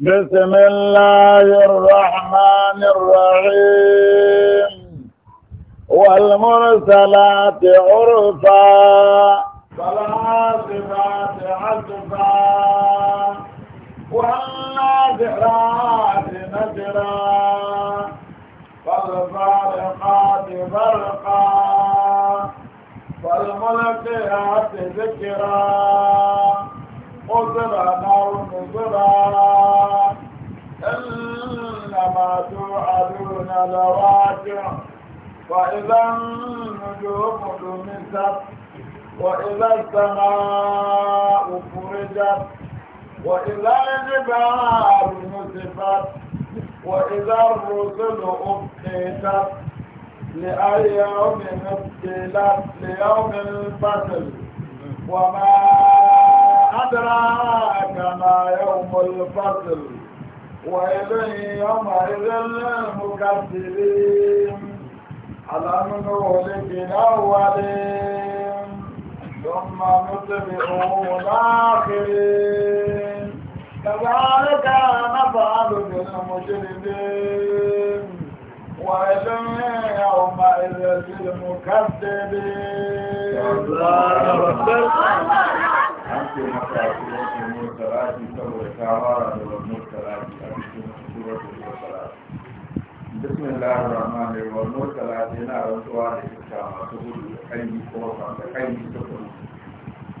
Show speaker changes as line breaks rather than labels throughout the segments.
بسم الله الرحمن الرحيم والمرسلات عرفا والعاصفات عصفا والنازعات نجرا والفارقات فرقا والملقيات ذكرا قدرنا او الكواكب وإذا النجوم دمست وإذا السماء فرجت وإذا الجبال نسفت وإذا الرسل أبقيتت لأي يوم أبقيلت ليوم الفصل وما أدراك ما يوم الفصل ويل يومئذ للمكذبين ألم نهلك الأولين ثم نتبعهم الآخرين كذلك نفعل بالمجرمين ويل يومئذ للمكذبين الله أكبر
أنت مكاتبة المتراجم تبرك عبارة bismillah ar-rahman ar-rahim wa talati na rantsuwa da iska masu gudu da kanyi kuma masu kanyi ta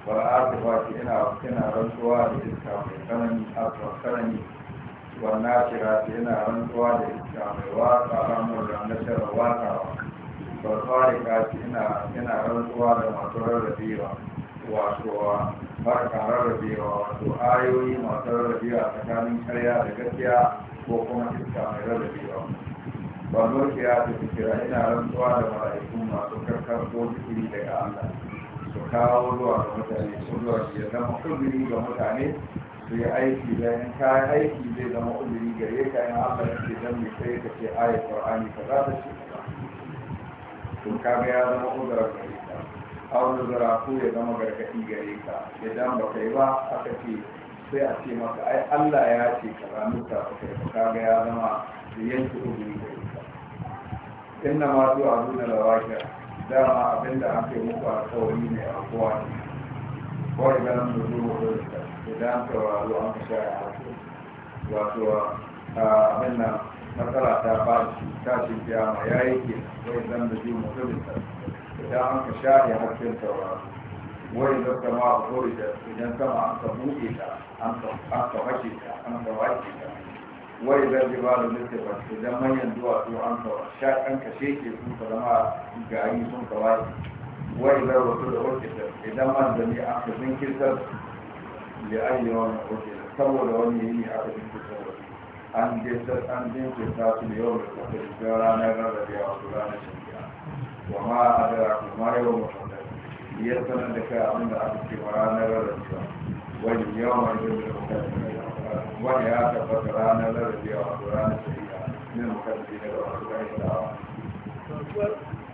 wal asifati ina ina rantsuwa da iska mai tsanani asfar tsanani wal nasirati ina rantsuwa da iska mai waka ranar da nashar waka wal farikati ina ina rantsuwa da masu rarrabewa wato barka rarrabewa wato ayoyi masu rarrabewa tsakanin karya da gaskiya ko kuma iska mai rarrabewa babu kira da fikira ina rantsuwa da mala'iku masu ko zikiri daga Allah su kawo zuwa ga mutane su zuwa su ya zama uzuri ga mutane su yi aiki da in aiki zai zama uzuri gare ka in Allah ya ce dan mai sai ka ce ayat Qur'ani ka za ta ce ba. to ga ya zama uzura gare ka aure zura ko ya zama gargadi gare ka idan ba kai ba aka ce sai a ce maka ai Allah ya ce ka ranuka ka kai kaga ya zama yanke uzuri gare inna ma to a nuna Da dama abinda an kai muku alkawari ne a kowa ne kawai ganin da zuwa hulunta idan a zuwa an ka shaya su wato abin nan matsala ta ba shi ta shi ma ya yi ke kawai ganin da zuwa da. idan an ka shaya hakkin sauraro wani da kama a da idan sama an ka buɗe ta an ka hake ta an ka wace ta wai zan ji ba da nufi ba idan manyan duwatsu an kawo shakan kashe ke sun ka zama gari sun kawai wai zan wasu da wasu idan man zami an ka sun kirtar da ayyana wani wasu saboda wani yini aka sun kirtar wasu an kirtar an jin kirtar su da yau da kasa shiga ranar rarrabewa su ranar shirya wa ma a dara kuma yau mutum da biyar sanar da kai abin da aka ce wa ranar rarrabewa wani yawan wani da mutum da Wani ya tabbata ranar larabewa a ranar shari'a ne mukarfi daga wasu kai da awa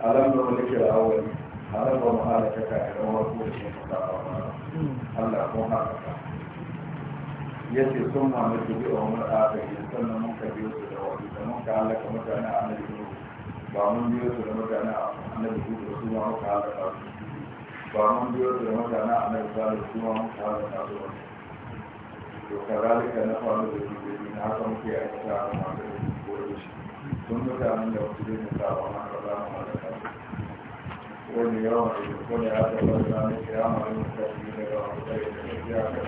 alam da wani kira awali alam ba muhala ta ka idan wani da shi ta Allah kun haka ya ce sun mamu su bi umar afirki sannan mun ka biyo su da wasu da mun ka halaka mutane a annabi nuhu ba mun biyo su da mutane a annabi hudu da su ma muka halaka su ba mun biyo su da mutane a annabi salihu su ma muka halaka su to kazalika na faru da shi da na haka muke aikata a da shi ko da shi sun mutanen da ma wani ko da ya na kiyama da mutane daga wani da ya ka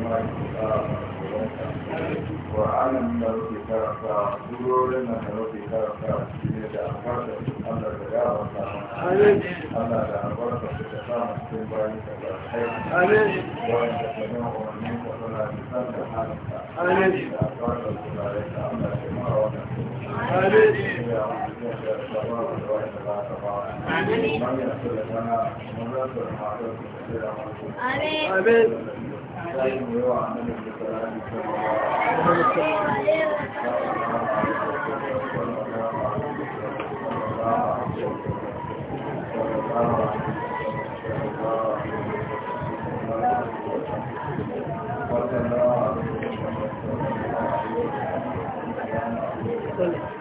taɓa da ya ƙwa'anin da rufe karanta turorin da rufe karanta shi ne da albarka allah da yawon samun allah da albarka su ta samun cikin bayan da ba aiki wani da ta nuna umarnin ka suna nisan da halinka da albarka su na rai da allah ke mara wannan Amin. yayin da yawa a nan da ke tsara da Thank you.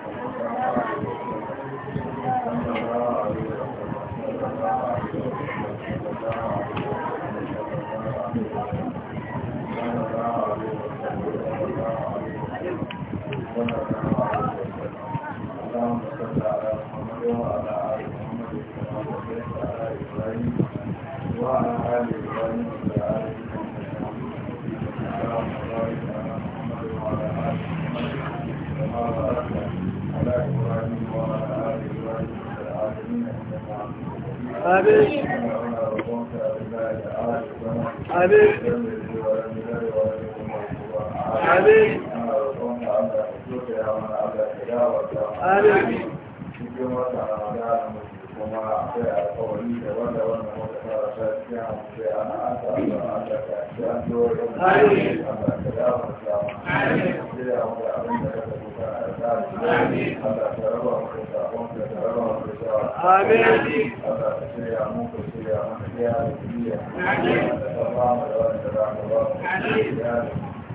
Amém. Amém. mana Allah ya dawo a tsari amin Allah ya raba mu da sabon raba mu da shawara da ya da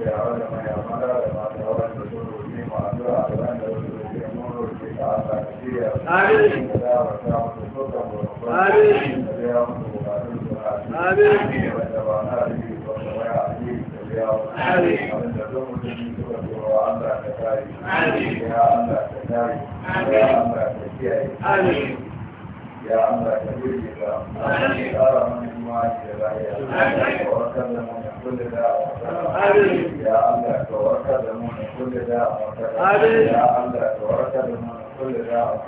فرعون mai amara da da wanda sun da za mu ta mu so da ya mu bukatun ba amin يا الله كبيرك أرى من إيمانك الغير وأكد من كل داء يا الله وأكد من كل داء يا الله وأكد من كل داء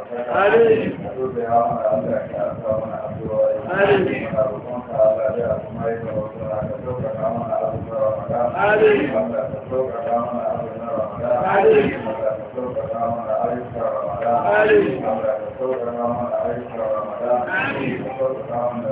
أتوب يا عمر الله كأسى من أبوائي أنا أرجوك الله يا أسمائك وأسرعك أتوب يا أبو رمضان الله أتوب يا عمر أبو رمضان الله أتوب يا عمر أبو رمضان الله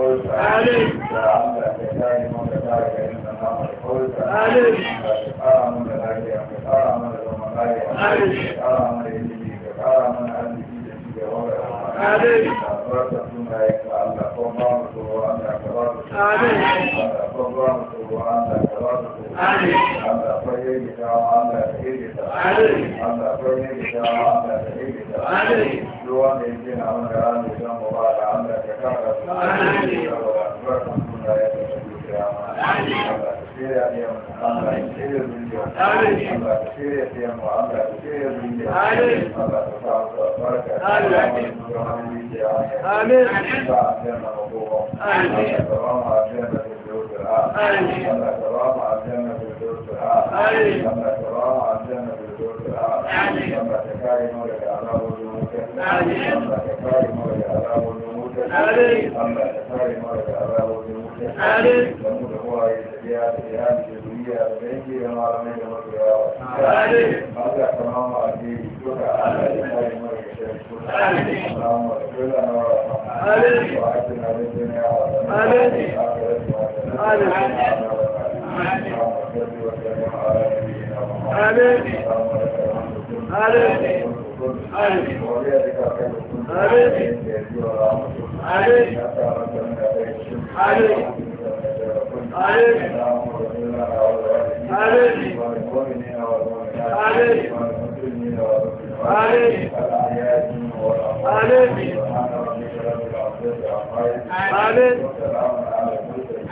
قلت اللهم كذلك من كذلك إن الله قلت كفار من ذلك كفار من ذم ذلك كفار من يدي كفار من أنت في جسدك وغيرك أخبرت ثم يكفى الله ruwan da ya gina wanda rami don mu ba da an da ka kara su saboda albarkan suna ya ta zuciya ma Allah ka shirya ne mu Allah ka shirya zuciya Allah ka shirya ne mu Allah ka shirya zuciya Allah ka sa su albarka Allah ka shirya zuciya amin ba a jana magoba Allah ka ba mu a jana بالدوسراء الله كرام عزنا بالدوسراء الله كرام عزنا بالدوسراء الله تكارم لك على وجوهك الله تكارم لك على وجوهك الله تكارم لك على وجوهك لمن هو يتبعك في هذه الدنيا بينك وما رميت وكياك الله كرام عزيزك الله تكارم لك اللهم اغفر لنا وارحمنا واتنا بالدنيا حسنه وفي الاخره Amen.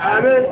Àmín.